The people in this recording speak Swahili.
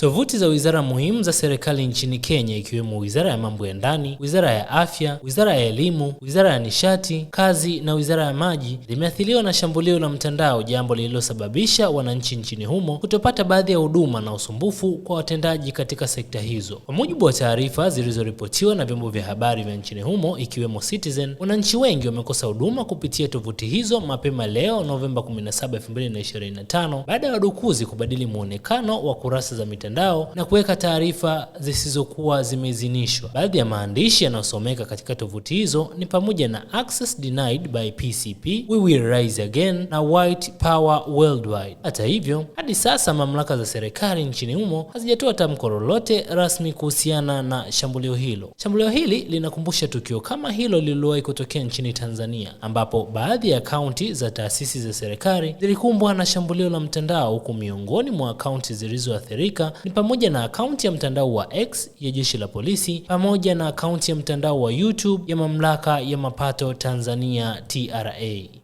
Tovuti za wizara muhimu za serikali nchini Kenya ikiwemo Wizara ya Mambo ya Ndani, Wizara ya Afya, Wizara ya Elimu, Wizara ya Nishati, Kazi na Wizara ya Maji zimeathiriwa na shambulio la mtandao, jambo lililosababisha wananchi nchini humo kutopata baadhi ya huduma na usumbufu kwa watendaji katika sekta hizo. Kwa mujibu wa taarifa zilizoripotiwa na vyombo vya habari vya nchini humo ikiwemo Citizen, wananchi wengi wamekosa huduma kupitia tovuti hizo mapema leo Novemba 17, 2025 baada ya wadukuzi kubadili muonekano wa kurasa za mitandao na kuweka taarifa zisizokuwa zimeidhinishwa. Baadhi ya maandishi yanayosomeka katika tovuti hizo ni pamoja na access denied by PCP, we will rise again na white power worldwide. Hata hivyo, hadi sasa mamlaka za serikali nchini humo hazijatoa tamko lolote rasmi kuhusiana na shambulio hilo. Shambulio hili linakumbusha tukio kama hilo lililowahi kutokea nchini Tanzania ambapo baadhi ya akaunti za taasisi za serikali zilikumbwa na shambulio la mtandao, huku miongoni mwa akaunti zilizoathirika ni pamoja na akaunti ya mtandao wa X ya Jeshi la Polisi pamoja na akaunti ya mtandao wa YouTube ya Mamlaka ya Mapato Tanzania TRA.